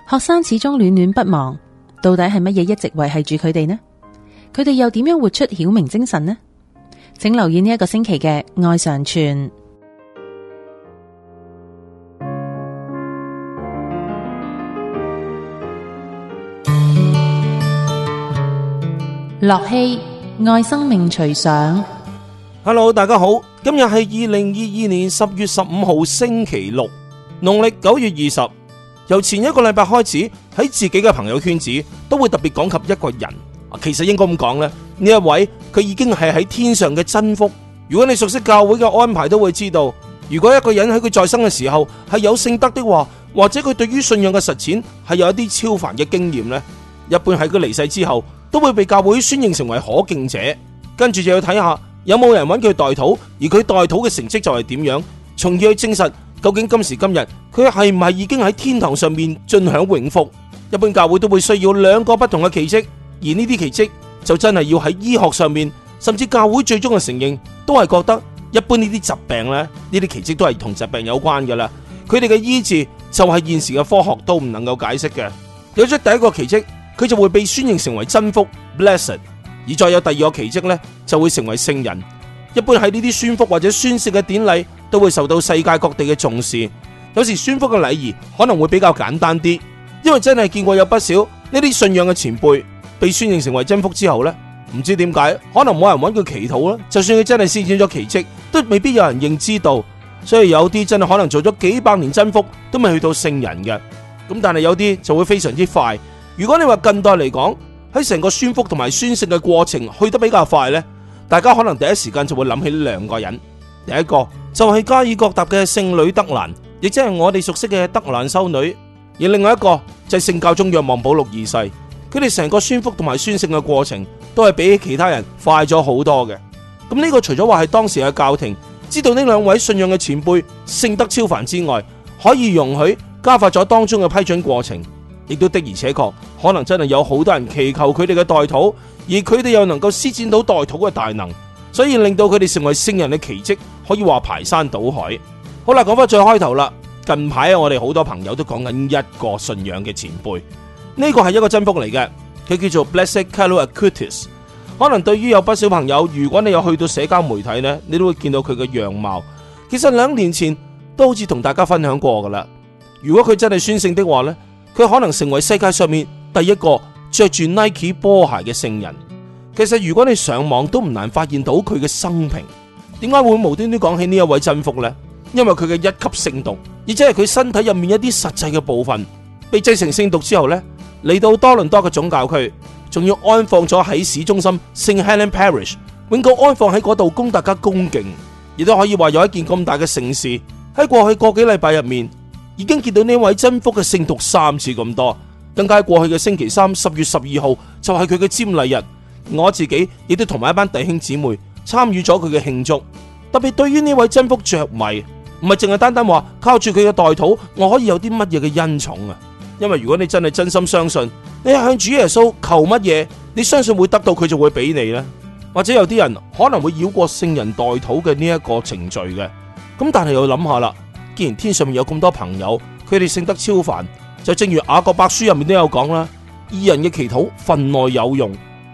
[SPEAKER 3] 學生始終戀戀不忘，到底係乜嘢一直維繫住佢哋呢？佢哋又點樣活出曉明精神呢？請留意呢一個星期嘅《愛常傳》。樂器愛生命隨想
[SPEAKER 6] ，Hello，大家好，今日係二零二二年十月十五號星期六，農曆九月二十。由前一個禮拜開始，喺自己嘅朋友圈子都會特別講及一個人。其實應該咁講呢：呢一位佢已經係喺天上嘅真福。如果你熟悉教會嘅安排，都會知道，如果一個人喺佢在生嘅時候係有聖德的話，或者佢對於信仰嘅實踐係有一啲超凡嘅經驗呢，一般喺佢離世之後，都會被教會宣認成為可敬者，跟住就要睇下有冇人揾佢代禱，而佢代禱嘅成績就係點樣，從而去證實究竟今時今日佢係唔係已經喺天堂上面盡享永福。一般教會都會需要兩個不同嘅奇跡，而呢啲奇跡就真係要喺醫學上面，甚至教會最終嘅承認都係覺得一般呢啲疾病呢，呢啲奇跡都係同疾病有關噶啦。佢哋嘅醫治就係現時嘅科學都唔能夠解釋嘅。有咗第一個奇跡。佢就會被宣認成為真福 Blessed，而再有第二個奇蹟呢，就會成為聖人。一般喺呢啲宣福或者宣聖嘅典禮，都會受到世界各地嘅重視。有時宣福嘅禮儀可能會比較簡單啲，因為真係見過有不少呢啲信仰嘅前輩被宣認成為真福之後呢，唔知點解，可能冇人揾佢祈禱啦。就算佢真係施展咗奇蹟，都未必有人認知道。所以有啲真係可能做咗幾百年真福，都未去到聖人嘅。咁但係有啲就會非常之快。如果你話近代嚟講，喺成個宣福同埋宣聖嘅過程去得比較快呢，大家可能第一時間就會諗起呢兩個人。第一個就係加爾各答嘅聖女德蘭，亦即係我哋熟悉嘅德蘭修女；而另外一個就係聖教宗若望保祿二世。佢哋成個宣福同埋宣聖嘅過程，都係比起其他人快咗好多嘅。咁呢個除咗話係當時嘅教廷知道呢兩位信仰嘅前輩聖德超凡之外，可以容許加快咗當中嘅批准過程。亦都的而且確可能真係有好多人祈求佢哋嘅代禱，而佢哋又能夠施展到代禱嘅大能，所以令到佢哋成為聖人嘅奇蹟，可以話排山倒海。好啦，講返最開頭啦。近排啊，我哋好多朋友都講緊一個信仰嘅前輩，呢個係一個真福嚟嘅，佢叫做 Blessed Carlo Acutis。可能對於有不少朋友，如果你有去到社交媒體呢，你都會見到佢嘅樣貌。其實兩年前都好似同大家分享過噶啦。如果佢真係宣聖的話呢。佢可能成為世界上面第一個着住 Nike 波鞋嘅聖人。其實如果你上網都唔難發現到佢嘅生平。點解會無端端講起呢一位真福呢？因為佢嘅一級聖毒，亦即係佢身體入面一啲實際嘅部分，被製成聖毒之後呢，嚟到多倫多嘅總教區，仲要安放咗喺市中心 Saint Helen Parish，永久安放喺嗰度，供大家恭敬。亦都可以話，有一件咁大嘅盛事喺過去個幾禮拜入面已經見到呢位真福嘅聖徒三次咁多，更加喺過去嘅星期三，十月十二號就係佢嘅瞻禮日。我自己亦都同埋一班弟兄姊妹參與咗佢嘅慶祝。特別對於呢位真福着迷，唔係淨係單單話靠住佢嘅代禱，我可以有啲乜嘢嘅恩寵啊！因為如果你真係真心相信，你向主耶穌求乜嘢，你相信會得到，佢就會俾你呢。或者有啲人可能會繞過聖人代禱嘅呢一個程序嘅，咁但係又諗下啦。既然天上面有咁多朋友，佢哋聖德超凡，就正如《雅各伯書》入面都有講啦。二人嘅祈禱份內有用，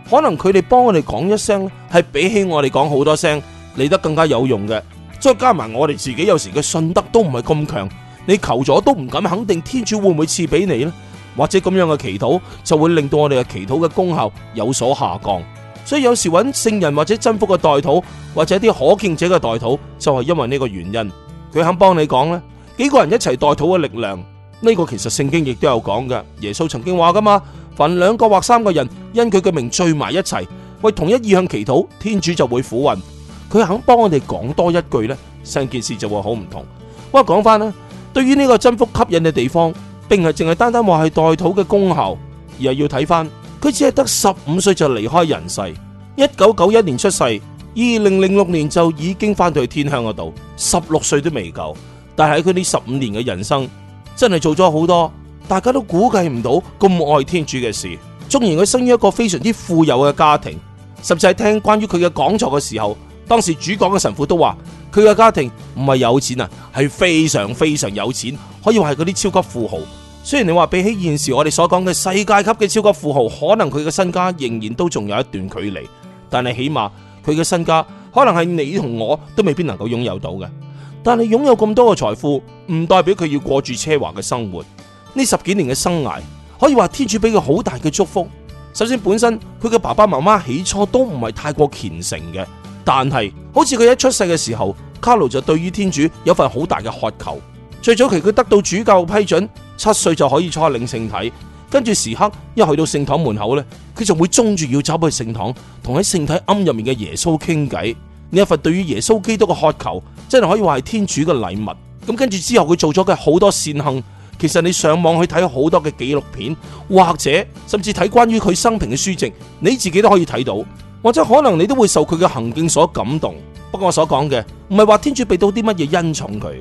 [SPEAKER 6] 可能佢哋幫我哋講一聲係比起我哋講好多聲嚟得更加有用嘅。再加埋我哋自己有時嘅信德都唔係咁強，你求咗都唔敢肯定天主會唔會賜俾你呢，或者咁樣嘅祈禱就會令到我哋嘅祈禱嘅功效有所下降。所以有時搵聖人或者真福嘅代禱，或者啲可敬者嘅代禱，就係因為呢個原因。佢肯幫你講呢？幾個人一齊代禱嘅力量，呢、呢個其實聖經亦都有講噶。耶穌曾經話噶嘛，凡兩個或三個人因佢嘅名聚埋一齊，為同一意向祈禱，天主就會俯允。佢肯幫我哋講多一句呢，成件事就會好唔同。不過講翻呢，對於呢個真福吸引嘅地方，並係淨係單單話係代禱嘅功效，而係要睇翻佢只係得十五歲就離開人世，一九九一年出世。二零零六年就已經翻到去天香嗰度，十六歲都未夠，但係佢呢十五年嘅人生，真係做咗好多大家都估計唔到咁愛天主嘅事。縱然佢生於一個非常之富有嘅家庭，甚至係聽關於佢嘅講座嘅時候，當時主講嘅神父都話佢嘅家庭唔係有錢啊，係非常非常有錢，可以話係嗰啲超級富豪。雖然你話比起現時我哋所講嘅世界級嘅超級富豪，可能佢嘅身家仍然都仲有一段距離，但係起碼。佢嘅身家可能係你同我都未必能夠擁有到嘅，但係擁有咁多嘅財富唔代表佢要過住奢華嘅生活。呢十幾年嘅生涯，可以話天主俾佢好大嘅祝福。首先本身佢嘅爸爸媽媽起初都唔係太過虔誠嘅，但係好似佢一出世嘅時候，卡羅就對於天主有份好大嘅渴求。最早期佢得到主教批准，七歲就可以初領聖體。跟住時刻一去到聖堂門口呢，佢就會終住要走去聖堂，同喺聖體龕入面嘅耶穌傾偈。呢一份對於耶穌基督嘅渴求，真係可以話係天主嘅禮物。咁跟住之後，佢做咗嘅好多善行。其實你上網去睇好多嘅紀錄片，或者甚至睇關於佢生平嘅書籍，你自己都可以睇到。或者可能你都會受佢嘅行徑所感動。不過我所講嘅唔係話天主俾到啲乜嘢恩寵佢，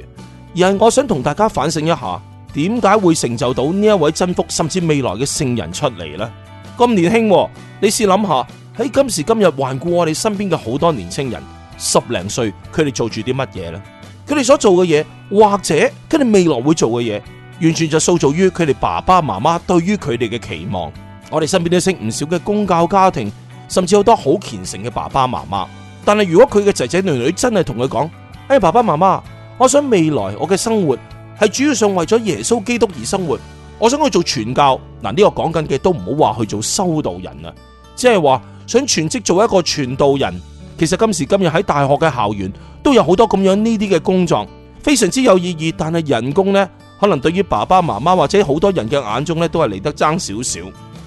[SPEAKER 6] 而係我想同大家反省一下。點解會成就到呢一位真福，甚至未來嘅聖人出嚟呢？咁年輕，啊，你試諗下喺今時今日環顧我哋身邊嘅好多年青人，十零歲佢哋做住啲乜嘢呢？佢哋所做嘅嘢，或者佢哋未來會做嘅嘢，完全就塑造於佢哋爸爸媽媽對於佢哋嘅期望。我哋身邊都識唔少嘅公教家庭，甚至好多好虔誠嘅爸爸媽媽。但係如果佢嘅仔仔女女真係同佢講：誒、哎，爸爸媽媽，我想未來我嘅生活。係主要上為咗耶穌基督而生活，我想去做傳教，嗱，呢個講緊嘅都唔好話去做修道人啦，即係話想全職做一個傳道人。其實今時今日喺大學嘅校園都有好多咁樣呢啲嘅工作，非常之有意義，但係人工呢，可能對於爸爸媽媽或者好多人嘅眼中呢，都係嚟得爭少少。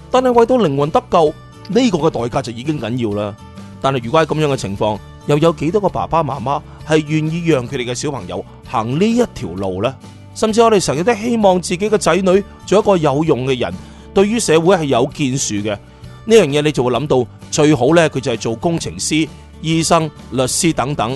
[SPEAKER 6] 但係為到靈魂得救，呢個嘅代價就已經緊要啦。但係如果係咁樣嘅情況，又有幾多個爸爸媽媽係願意讓佢哋嘅小朋友行呢一條路呢？甚至我哋成日都希望自己嘅仔女做一個有用嘅人，對於社會係有建樹嘅呢樣嘢，你就會諗到最好咧，佢就係做工程師、醫生、律師等等。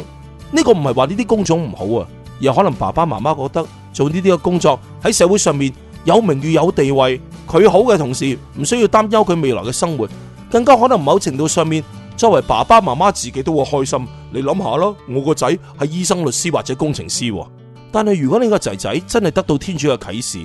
[SPEAKER 6] 呢個唔係話呢啲工種唔好啊，又可能爸爸媽媽覺得做呢啲嘅工作喺社會上面有名譽有地位，佢好嘅同時唔需要擔憂佢未來嘅生活，更加可能某程度上面作為爸爸媽媽自己都會開心。你諗下咯，我個仔係醫生、律師或者工程師。但係，如果你個仔仔真係得到天主嘅啟示，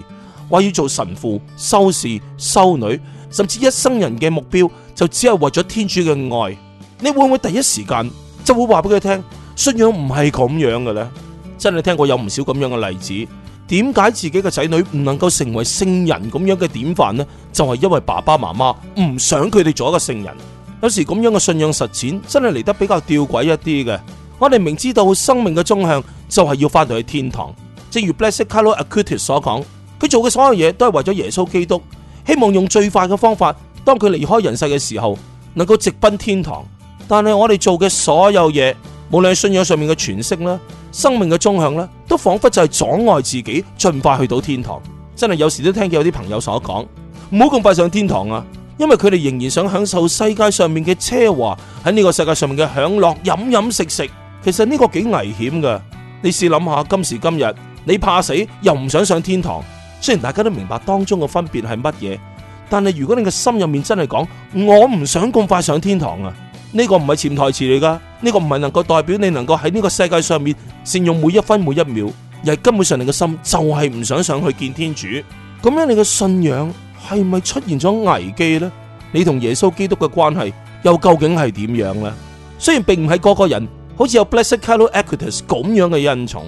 [SPEAKER 6] 話要做神父、修士、修女，甚至一生人嘅目標就只係為咗天主嘅愛，你會唔會第一時間就會話俾佢聽，信仰唔係咁樣嘅呢？真係聽過有唔少咁樣嘅例子，點解自己嘅仔女唔能夠成為聖人咁樣嘅典範呢？就係因為爸爸媽媽唔想佢哋做一個聖人，有時咁樣嘅信仰實踐真係嚟得比較吊詭一啲嘅。我哋明知道生命嘅終向就係要翻到去天堂，正如 Blessed Carlo Acutis 所講，佢做嘅所有嘢都係為咗耶穌基督，希望用最快嘅方法，當佢離開人世嘅時候，能夠直奔天堂。但係我哋做嘅所有嘢，無論係信仰上面嘅詮釋啦，生命嘅終向啦，都仿佛就係阻礙自己盡快去到天堂。真係有時都聽見有啲朋友所講，唔好咁快上天堂啊，因為佢哋仍然想享受世界上面嘅奢華，喺呢個世界上面嘅享樂，飲飲食食。其實呢個幾危險噶，你試諗下今時今日，你怕死又唔想上天堂。雖然大家都明白當中嘅分別係乜嘢，但係如果你嘅心入面真係講我唔想咁快上天堂啊，呢個唔係潛台詞嚟噶，呢個唔係能夠代表你能夠喺呢個世界上面善用每一分每一秒，而係根本上你嘅心就係唔想上去見天主。咁樣你嘅信仰係咪出現咗危機呢？你同耶穌基督嘅關係又究竟係點樣呢？雖然並唔係個個人。好似有 Blessed Carlo Acutis 咁樣嘅恩寵，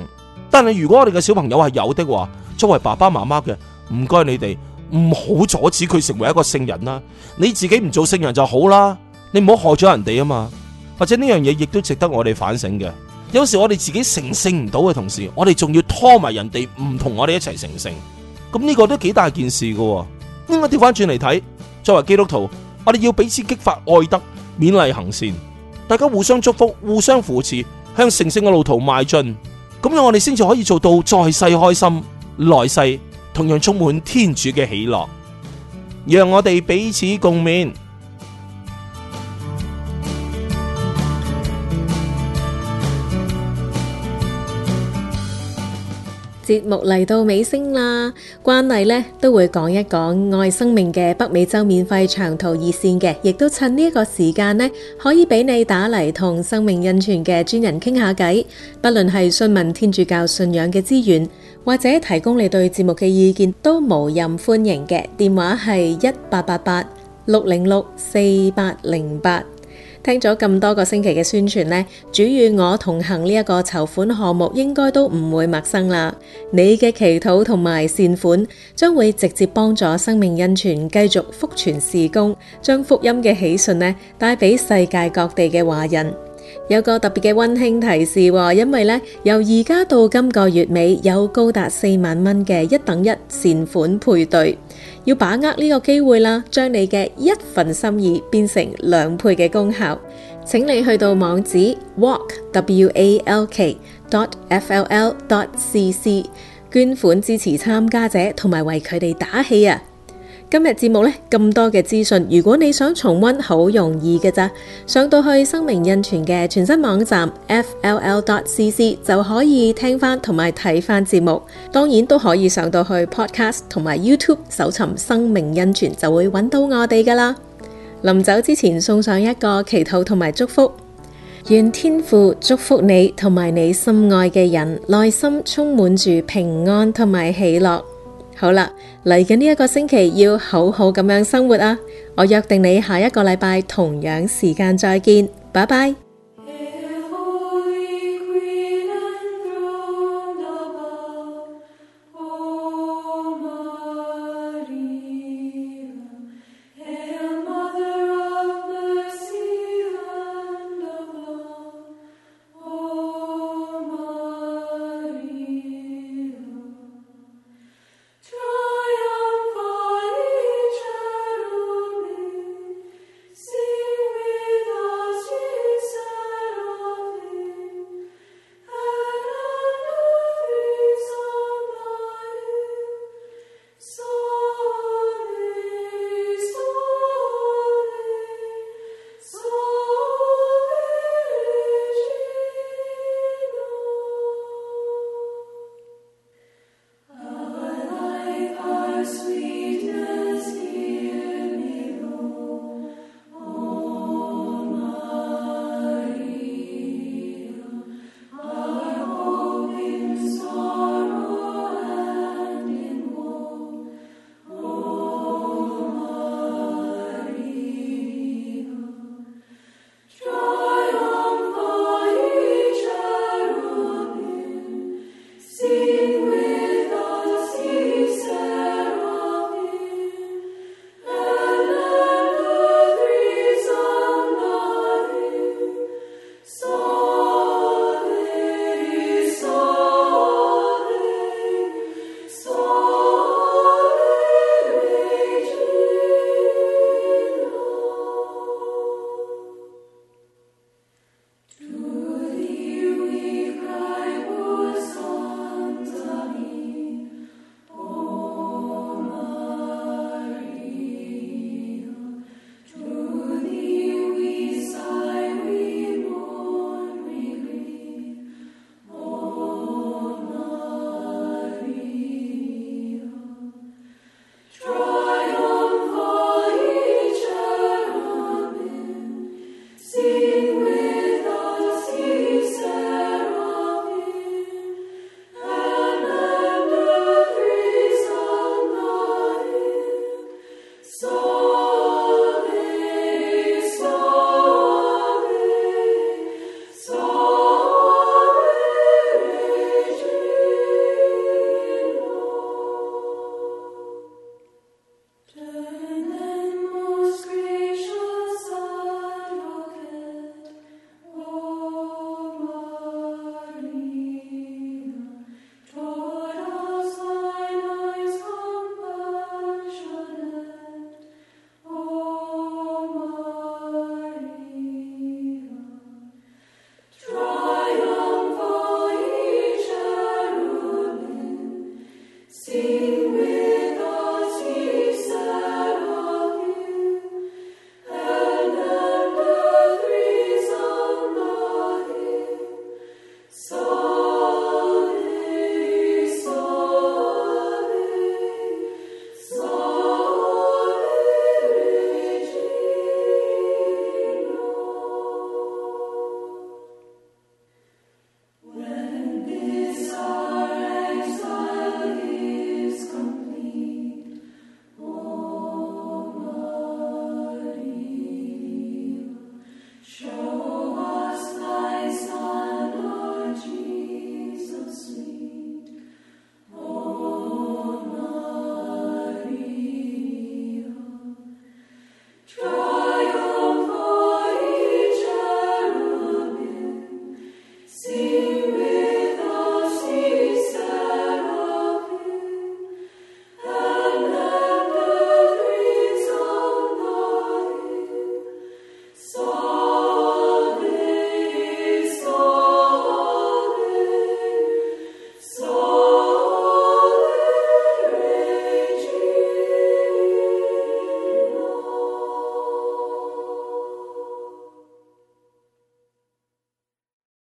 [SPEAKER 6] 但係如果我哋嘅小朋友係有的話，作為爸爸媽媽嘅，唔該你哋唔好阻止佢成為一個聖人啦。你自己唔做聖人就好啦，你唔好害咗人哋啊嘛。或者呢樣嘢亦都值得我哋反省嘅。有時我哋自己成聖唔到嘅同時，我哋仲要拖埋人哋唔同我哋一齊成聖，咁呢個都幾大件事噶。應該調翻轉嚟睇，作為基督徒，我哋要彼此激發愛德，勉勵行善。大家互相祝福、互相扶持，向成聖嘅路途邁進，咁樣我哋先至可以做到在世開心，來世同樣充滿天主嘅喜樂。讓我哋彼此共勉。
[SPEAKER 1] 節目嚟到尾聲啦，慣例呢都會講一講愛生命嘅北美洲免費長途熱線嘅，亦都趁呢一個時間呢可以俾你打嚟同生命印傳嘅專人傾下偈。不論係詢問天主教信仰嘅資源，或者提供你對節目嘅意見，都無任歡迎嘅。電話係一八八八六零六四八零八。聽咗咁多個星期嘅宣傳呢，主與我同行呢一個籌款項目應該都唔會陌生啦。你嘅祈禱同埋善款將會直接幫助生命恩泉繼續福傳事工，將福音嘅喜訊呢帶俾世界各地嘅華人。有個特別嘅溫馨提示，因為咧由而家到今個月尾有高達四萬蚊嘅一等一善款配對。要把握呢個機會啦，將你嘅一份心意變成兩倍嘅功效，請你去到網址 walk w a l k dot f l l dot c c 捐款支持參加者同埋為佢哋打氣啊！今日節目呢，咁多嘅資訊，如果你想重溫，好容易嘅咋。上到去生命印傳嘅全新網站 fll.cc 就可以聽翻同埋睇翻節目。當然都可以上到去 Podcast 同埋 YouTube 搜尋生命印傳，就會揾到我哋噶啦。臨走之前送上一個祈禱同埋祝福，願天父祝福你同埋你心愛嘅人，內心充滿住平安同埋喜樂。好啦，嚟緊呢一個星期要好好咁樣生活啊！我約定你下一個禮拜同樣時間再見，拜拜。